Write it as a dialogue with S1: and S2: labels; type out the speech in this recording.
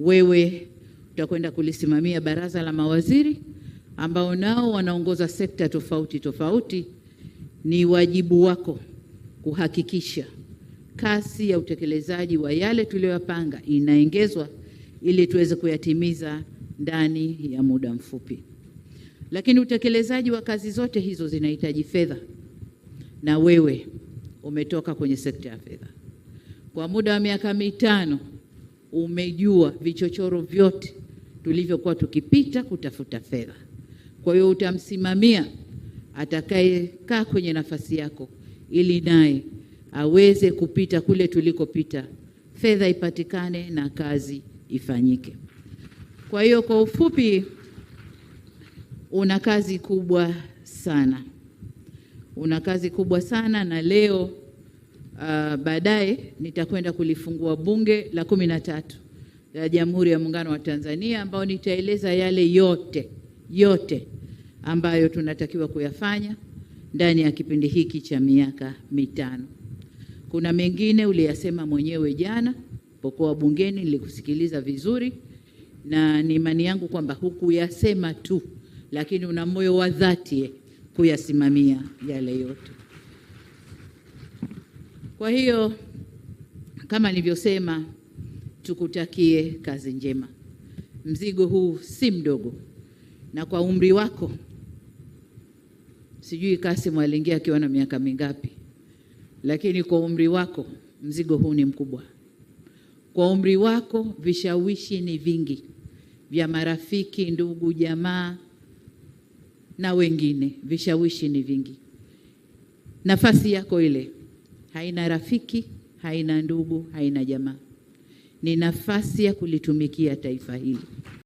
S1: wewe utakwenda kulisimamia baraza la mawaziri ambao nao wanaongoza sekta tofauti tofauti. Ni wajibu wako kuhakikisha kasi ya utekelezaji wa yale tuliyoyapanga inaongezwa ili tuweze kuyatimiza ndani ya muda mfupi. Lakini utekelezaji wa kazi zote hizo zinahitaji fedha, na wewe umetoka kwenye sekta ya fedha. Kwa muda wa miaka mitano umejua vichochoro vyote tulivyokuwa tukipita kutafuta fedha. Kwa hiyo utamsimamia atakayekaa kwenye nafasi yako, ili naye aweze kupita kule tulikopita, fedha ipatikane na kazi ifanyike. Kwa hiyo kwa ufupi, una kazi kubwa sana, una kazi kubwa sana, na leo Uh, baadaye nitakwenda kulifungua bunge la kumi na tatu la Jamhuri ya Muungano wa Tanzania ambao nitaeleza yale yote yote ambayo tunatakiwa kuyafanya ndani ya kipindi hiki cha miaka mitano. Kuna mengine uliyasema mwenyewe jana pokuwa bungeni, nilikusikiliza vizuri, na ni imani yangu kwamba hukuyasema tu, lakini una moyo wa dhati kuyasimamia yale yote. Kwa hiyo kama nilivyosema, tukutakie kazi njema. Mzigo huu si mdogo, na kwa umri wako, sijui Kassim aliingia akiwa na miaka mingapi, lakini kwa umri wako mzigo huu ni mkubwa. Kwa umri wako vishawishi ni vingi vya marafiki, ndugu, jamaa na wengine, vishawishi ni vingi. Nafasi yako ile haina rafiki, haina ndugu, haina jamaa. Ni nafasi ya kulitumikia taifa hili.